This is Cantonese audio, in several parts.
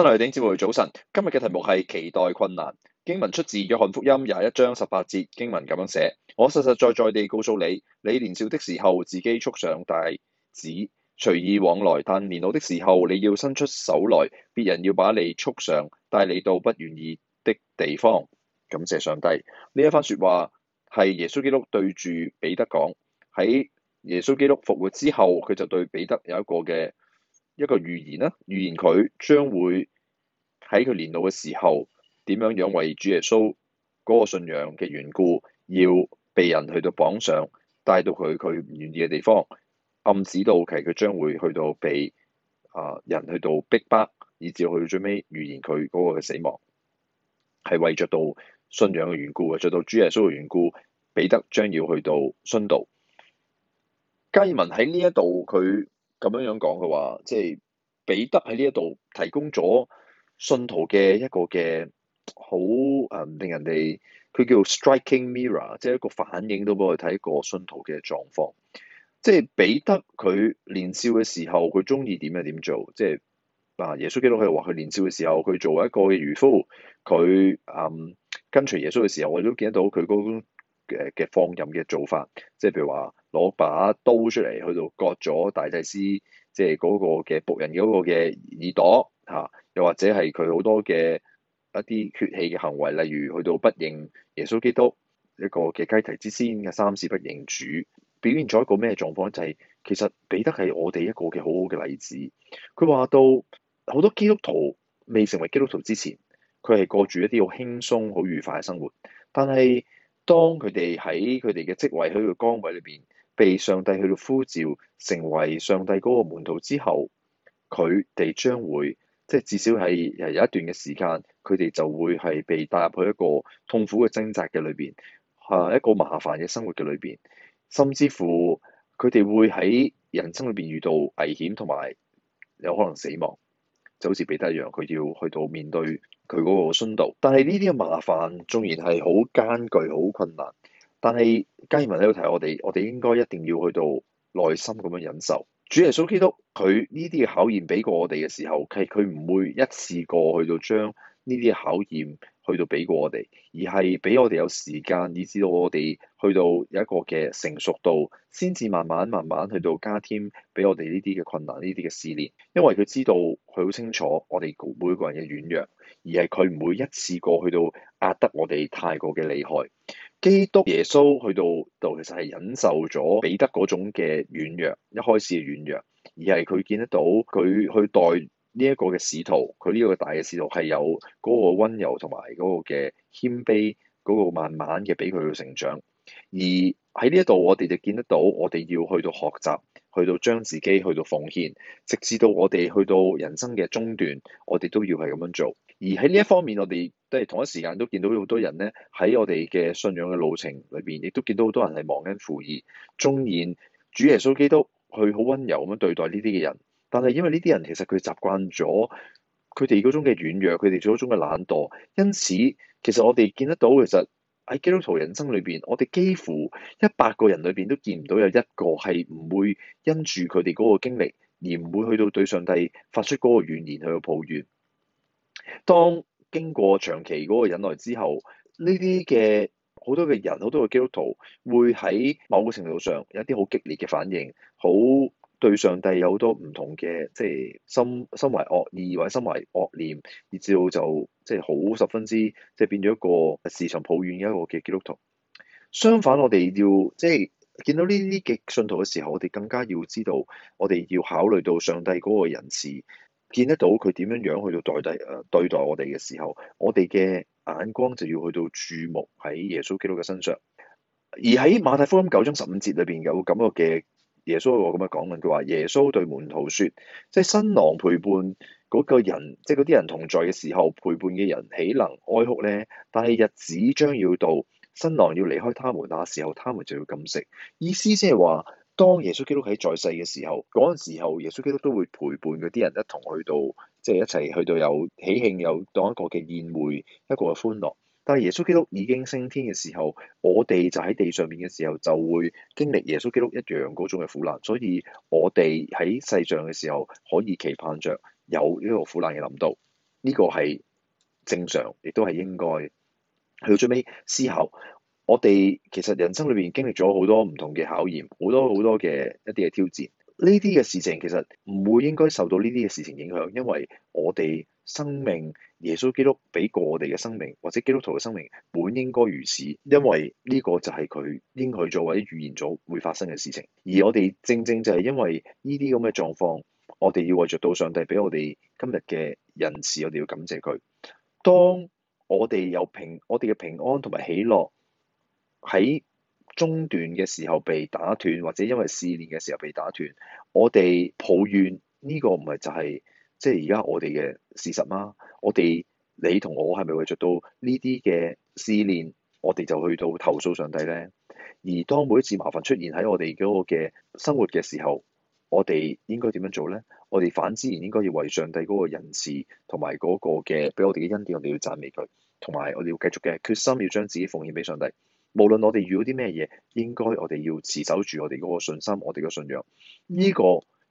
親愛的弟兄姊妹，早晨！今日嘅題目係期待困難。經文出自《約翰福音》廿一章十八節，經文咁樣寫：我實實在在地告訴你，你年少的時候，自己束上帶子，隨意往來；但年老的時候，你要伸出手來，別人要把你束上，帶你到不願意的地方。感謝上帝，呢一番說話係耶穌基督對住彼得講。喺耶穌基督復活之後，佢就對彼得有一個嘅。一個預言啦，預言佢將會喺佢年老嘅時候點樣樣為主耶穌嗰個信仰嘅緣故，要被人去到綁上，帶到佢佢唔願意嘅地方，暗指到期佢將會去到被啊人去到逼迫，以至去到最尾預言佢嗰個嘅死亡，係為著到信仰嘅緣故，為著到主耶穌嘅緣故，彼得將要去到殉道。加爾文喺呢一度佢。咁樣樣講嘅話，即係彼得喺呢一度提供咗信徒嘅一個嘅好誒，令、嗯、人哋佢叫 striking mirror，即係一個反應都俾我哋睇一個信徒嘅狀況。即係彼得佢年少嘅時候，佢中意點就點做。即係啊，耶穌基督佢話佢年少嘅時候，佢做一個漁夫，佢誒、嗯、跟隨耶穌嘅時候，我哋都見得到佢嗰個嘅放任嘅做法。即係譬如話。攞把刀出嚟去到割咗大祭司即係嗰個嘅僕人嘅個嘅耳朵，吓、啊、又或者係佢好多嘅一啲血氣嘅行為，例如去到不認耶穌基督一個嘅雞啼之先嘅三次不認主，表現咗一個咩狀況咧？就係、是、其實彼得係我哋一個嘅好好嘅例子。佢話到好多基督徒未成為基督徒之前，佢係過住一啲好輕鬆、好愉快嘅生活，但係。當佢哋喺佢哋嘅職位喺個崗位裏邊被上帝去到呼召，成為上帝嗰個門徒之後，佢哋將會即係至少係有一段嘅時間，佢哋就會係被帶入去一個痛苦嘅掙扎嘅裏邊，啊一個麻煩嘅生活嘅裏邊，甚至乎佢哋會喺人生裏邊遇到危險同埋有可能死亡。就好似彼得一樣，佢要去到面對佢嗰個殉道，但係呢啲嘅麻煩縱然係好艱巨、好困難，但係加爾文喺度提我哋，我哋應該一定要去到耐心咁樣忍受。主耶穌基督佢呢啲嘅考驗俾過我哋嘅時候，佢佢唔會一次過去到將呢啲考驗，去到俾過我哋，而係俾我哋有時間，以至到我哋去到有一個嘅成熟度，先至慢慢慢慢去到加添俾我哋呢啲嘅困難，呢啲嘅試煉。因為佢知道佢好清楚我哋每個人嘅軟弱，而係佢唔會一次過去到壓得我哋太過嘅厲害。基督耶穌去到度其實係忍受咗彼得嗰種嘅軟弱，一開始嘅軟弱，而係佢見得到佢去代。呢一個嘅使徒，佢呢個大嘅使徒係有嗰個溫柔同埋嗰個嘅謙卑，嗰個慢慢嘅俾佢去成長。而喺呢一度，我哋就見得到，我哋要去到學習，去到將自己去到奉獻，直至到我哋去到人生嘅中段，我哋都要係咁樣做。而喺呢一方面，我哋都係同一時間都見到好多人咧，喺我哋嘅信仰嘅路程裏邊，亦都見到好多人係忘恩負義，縱然主耶穌基督去好溫柔咁樣對待呢啲嘅人。但係因為呢啲人其實佢習慣咗佢哋嗰種嘅軟弱，佢哋做嗰種嘅懶惰，因此其實我哋見得到，其實喺基督徒人生裏邊，我哋幾乎一百個人裏邊都見唔到有一個係唔會因住佢哋嗰個經歷而唔會去到對上帝發出嗰個怨言去到抱怨。當經過長期嗰個忍耐之後，呢啲嘅好多嘅人，好多嘅基督徒會喺某個程度上有一啲好激烈嘅反應，好。對上帝有好多唔同嘅，即係心心懷惡意，或者心懷惡念，而至到就即係好十分之，即係變咗一個時常抱怨嘅一個嘅基督徒。相反，我哋要即係見到呢啲嘅信徒嘅時候，我哋更加要知道，我哋要考慮到上帝嗰個人士，見得到佢點樣樣去到待第誒對待我哋嘅時候，我哋嘅眼光就要去到注目喺耶穌基督嘅身上。而喺馬太福音九章十五節裏邊有咁樣嘅。耶穌咁嘅講緊，佢話耶穌對門徒說：即係新郎陪伴嗰個人，即係嗰啲人同在嘅時候，陪伴嘅人豈能哀哭咧？但係日子將要到，新郎要離開他們，那時候他們就要禁食。意思即係話，當耶穌基督喺在世嘅時候，嗰陣時候耶穌基督都會陪伴嗰啲人一同去到，即係一齊去到有喜慶，有當一個嘅宴會，一個嘅歡樂。但係耶穌基督已經升天嘅時候，我哋就喺地上面嘅時候就會經歷耶穌基督一樣嗰種嘅苦難，所以我哋喺世上嘅時候可以期盼着有呢個苦難嘅臨到，呢個係正常，亦都係應該。去到最尾，思考我哋其實人生裏邊經歷咗好多唔同嘅考驗，好多好多嘅一啲嘅挑戰，呢啲嘅事情其實唔會應該受到呢啲嘅事情影響，因為我哋。生命，耶穌基督俾過我哋嘅生命，或者基督徒嘅生命本應該如此，因為呢個就係佢應許咗或者預言咗會發生嘅事情。而我哋正正就係因為呢啲咁嘅狀況，我哋要為着到上帝俾我哋今日嘅人士。我哋要感謝佢。當我哋有平我哋嘅平安同埋喜樂喺中段嘅時候被打斷，或者因為試煉嘅時候被打斷，我哋抱怨呢個唔係就係。即係而家我哋嘅事實啦，我哋你同我係咪會著到呢啲嘅試煉，我哋就去到投訴上帝咧？而當每一次麻煩出現喺我哋嗰個嘅生活嘅時候，我哋應該點樣做咧？我哋反之，然應該要為上帝嗰個仁慈同埋嗰個嘅俾我哋嘅恩典，我哋要讚美佢，同埋我哋要繼續嘅決心，要將自己奉獻俾上帝。無論我哋遇到啲咩嘢，應該我哋要持守住我哋嗰個信心，我哋嘅信仰。呢、這個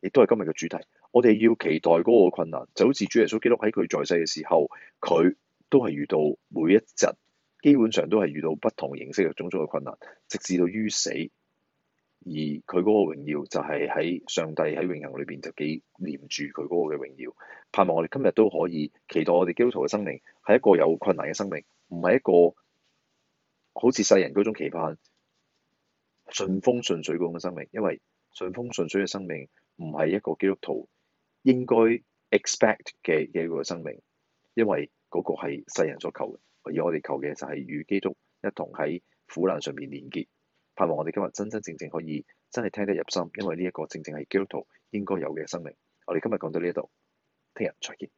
亦都係今日嘅主題。我哋要期待嗰個困難，就好似主耶穌基督喺佢在世嘅時候，佢都係遇到每一日，基本上都係遇到不同形式嘅種種嘅困難，直至到於死。而佢嗰個榮耀就係喺上帝喺永恒裏邊就記念住佢嗰個嘅榮耀，盼望我哋今日都可以期待我哋基督徒嘅生命係一個有困難嘅生命，唔係一個好似世人嗰種期盼順風順水嗰種嘅生命，因為順風順水嘅生命唔係一個基督徒。應該 expect 嘅嘅一個生命，因為嗰個係世人所求嘅，而我哋求嘅就係與基督一同喺苦難上邊連結。盼望我哋今日真真正正可以真係聽得入心，因為呢一個正正係基督徒應該有嘅生命。我哋今日講到呢一度，聽日再見。